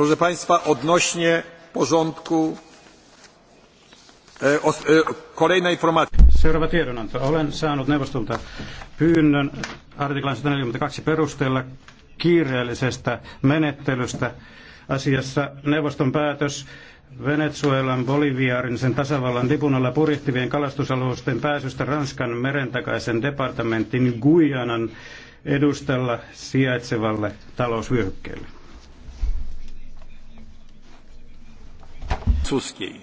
Proszę Państwa, odnośnie porządku e, e, kolejna informaatio. Olen saanut neuvostolta pyynnön artiklan 142 perusteella kiireellisestä menettelystä asiassa neuvoston päätös Venezuelan, Boliviarin, sen tasavallan lipunalla purjehtivien kalastusalusten pääsystä Ranskan merentakaisen departamentin Guianan edustalla sijaitsevalle talousvyöhykkeelle. francuskiej.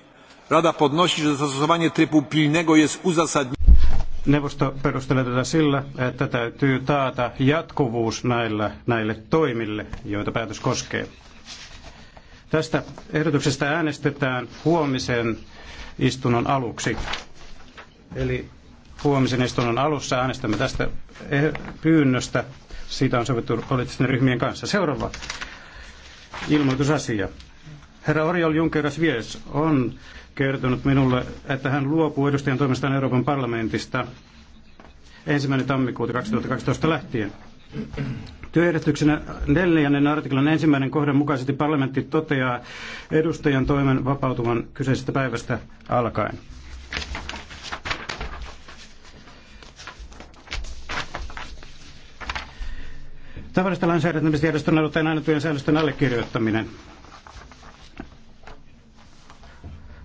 Rada podnosi, że zastosowanie trybu pilnego jest uzasadnione. Neuvosto perustelee tätä sillä, että täytyy taata jatkuvuus näillä, näille toimille, joita päätös koskee. Tästä ehdotuksesta äänestetään huomisen istunnon aluksi. Eli huomisen istunnon alussa äänestämme tästä eh, pyynnöstä. Siitä on sovittu poliittisten ryhmien kanssa. Seuraava ilmoitusasia. Herra Oriol Junkeras Vies on kertonut minulle, että hän luopuu edustajan toimestaan Euroopan parlamentista ensimmäinen tammikuuta 2012 lähtien. Työjärjestyksenä neljännen artiklan ensimmäinen kohdan mukaisesti parlamentti toteaa edustajan toimen vapautuvan kyseisestä päivästä alkaen. Tavallista lainsäädäntämisjärjestön aloitteen annettujen säännösten allekirjoittaminen.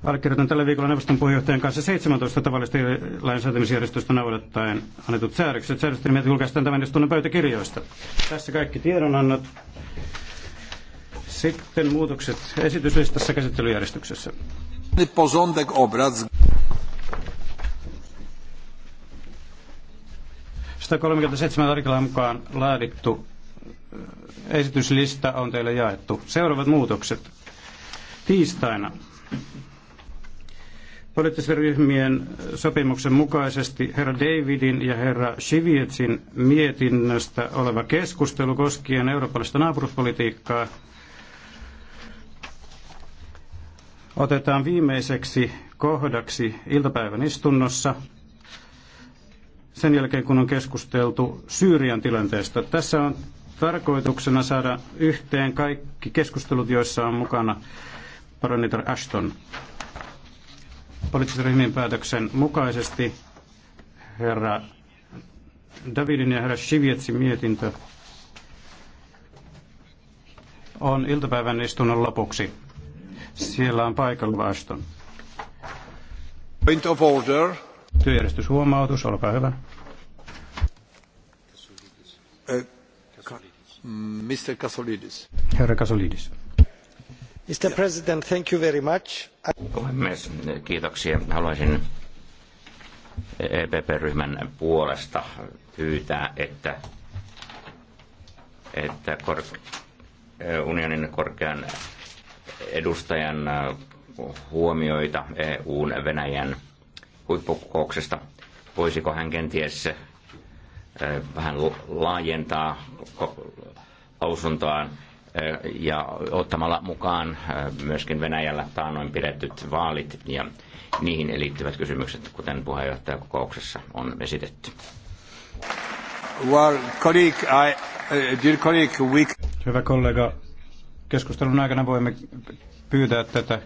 Allekirjoitan tällä viikolla neuvoston puheenjohtajan kanssa 17 tavallista lainsäätämisjärjestöstä noudattaen annetut säädökset. Säädösten nimet julkaistaan tämän edustunnan pöytäkirjoista. Tässä kaikki tiedonannot. Sitten muutokset esityslistassa käsittelyjärjestyksessä. Porządek obrad. 137 artiklan mukaan laadittu esityslista on teille jaettu. Seuraavat muutokset. Tiistaina poliittisten ryhmien sopimuksen mukaisesti herra Davidin ja herra Shivietsin mietinnöstä oleva keskustelu koskien eurooppalaista naapuruspolitiikkaa otetaan viimeiseksi kohdaksi iltapäivän istunnossa sen jälkeen, kun on keskusteltu Syyrian tilanteesta. Tässä on tarkoituksena saada yhteen kaikki keskustelut, joissa on mukana paronitor Ashton poliittisen ryhmien päätöksen mukaisesti herra Davidin ja herra Shivietsin mietintö on iltapäivän istunnon lopuksi. Siellä on paikalla vaston. Point of order. Työjärjestyshuomautus, olkaa hyvä. Äh, Mr. Mm, Kasolidis. Herra Kasolidis. Puhemies, Haluaisin EPP-ryhmän puolesta pyytää, että, että unionin korkean edustajan huomioita EUn Venäjän huippukokouksesta. Voisiko hän kenties eh, vähän laajentaa lausuntoaan ja ottamalla mukaan myöskin Venäjällä taannoin pidetyt vaalit ja niihin liittyvät kysymykset, kuten puheenjohtajakokouksessa on esitetty. Well, colleague, I, uh, dear colleague, we... Hyvä kollega, keskustelun aikana voimme pyytää tätä,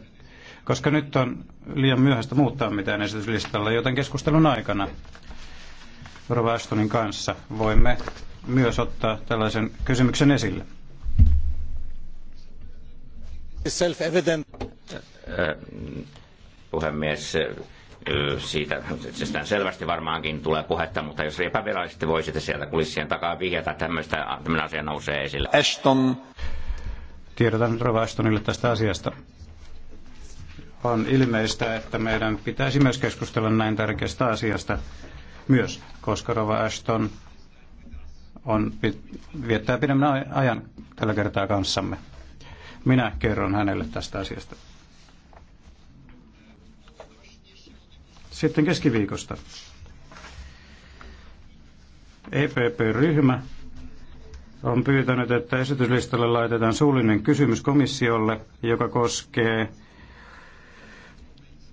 koska nyt on liian myöhäistä muuttaa mitään esityslistalla, joten keskustelun aikana Rova Ashtonin kanssa voimme myös ottaa tällaisen kysymyksen esille. Puhemies, siitä itsestään selvästi varmaankin tulee puhetta, mutta jos epävirallisesti voisitte sieltä kulissien takaa vihjata, että tämmöistä, tämmöinen asia nousee esille. Ashton. Tiedotan Rova Ashtonille tästä asiasta. On ilmeistä, että meidän pitäisi myös keskustella näin tärkeästä asiasta myös, koska Rova Ashton on, viettää pidemmän ajan tällä kertaa kanssamme. Minä kerron hänelle tästä asiasta. Sitten keskiviikosta. EPP-ryhmä on pyytänyt, että esityslistalle laitetaan suullinen kysymys komissiolle, joka koskee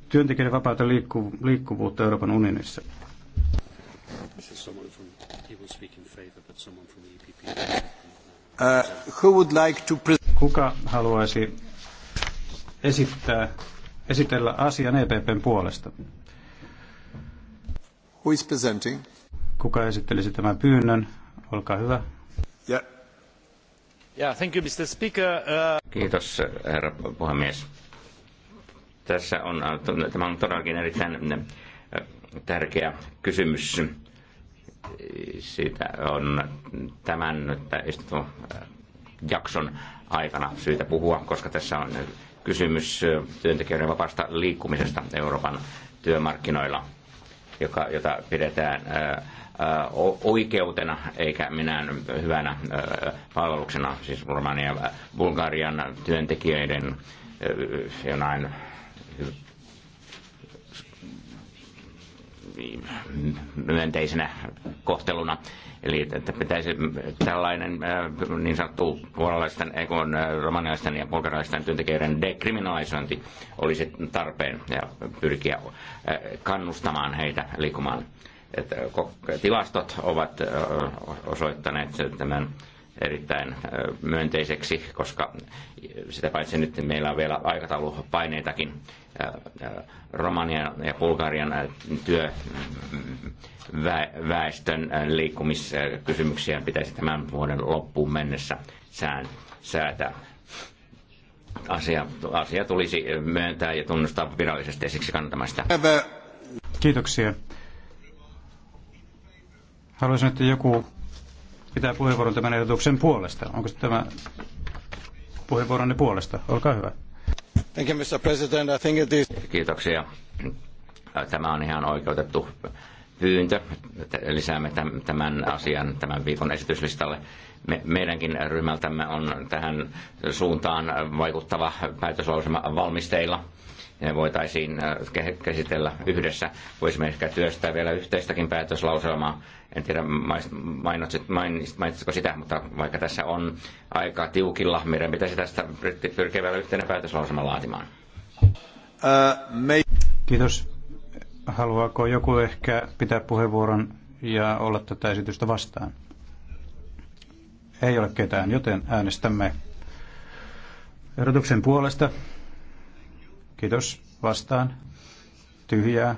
työntekijöiden vapaata liikku- liikkuvuutta Euroopan unionissa. Uh, who would like to Kuka haluaisi esittää, esitellä asian EPPn puolesta? Who is presenting? Kuka esittelisi tämän pyynnön? Olkaa hyvä. Yeah. Yeah, thank you, Mr. Speaker. Uh... Kiitos, herra puhemies. Tässä on, äh, tämä on todellakin erittäin äh, tärkeä kysymys. Siitä on tämän istuntojakson jakson aikana syytä puhua, koska tässä on kysymys työntekijöiden vapaasta liikkumisesta Euroopan työmarkkinoilla, joka, jota pidetään oikeutena eikä minä hyvänä palveluksena, siis Romania ja Bulgarian työntekijöiden jonain myönteisenä kohteluna. Eli että pitäisi tällainen äh, niin sanottu puolalaisten, ekon, äh, romanialaisten ja bulgarialaisten työntekijöiden dekriminalisointi olisi tarpeen ja pyrkiä äh, kannustamaan heitä liikumaan Että tilastot ovat osoittaneet tämän erittäin myönteiseksi, koska sitä paitsi nyt meillä on vielä aikataulupaineitakin Romanian ja Bulgarian työväestön mm, liikkumiskysymyksiä pitäisi tämän vuoden loppuun mennessä sään, säätää. Asia, asia tulisi myöntää ja tunnustaa virallisesti esiksi siksi sitä. Kiitoksia. Haluaisin, että joku pitää puheenvuoron tämän ehdotuksen puolesta. Onko tämä puheenvuoronne puolesta? Olkaa hyvä. Thank you, Mr. President. I think it is... Kiitoksia. Tämä on ihan oikeutettu pyyntö. Lisäämme tämän asian tämän viikon esityslistalle. Me, meidänkin ryhmältämme on tähän suuntaan vaikuttava päätöslausema valmisteilla ne voitaisiin äh, käsitellä yhdessä. Voisimme ehkä työstää vielä yhteistäkin päätöslauselmaa. En tiedä, mainitsitko sitä, mutta vaikka tässä on aika tiukilla, meidän pitäisi tästä pyrkiä vielä yhteinen päätöslauselma laatimaan. Äh, Kiitos. Haluaako joku ehkä pitää puheenvuoron ja olla tätä esitystä vastaan? Ei ole ketään, joten äänestämme ehdotuksen puolesta. Kiitos. Vastaan. Tyhjää.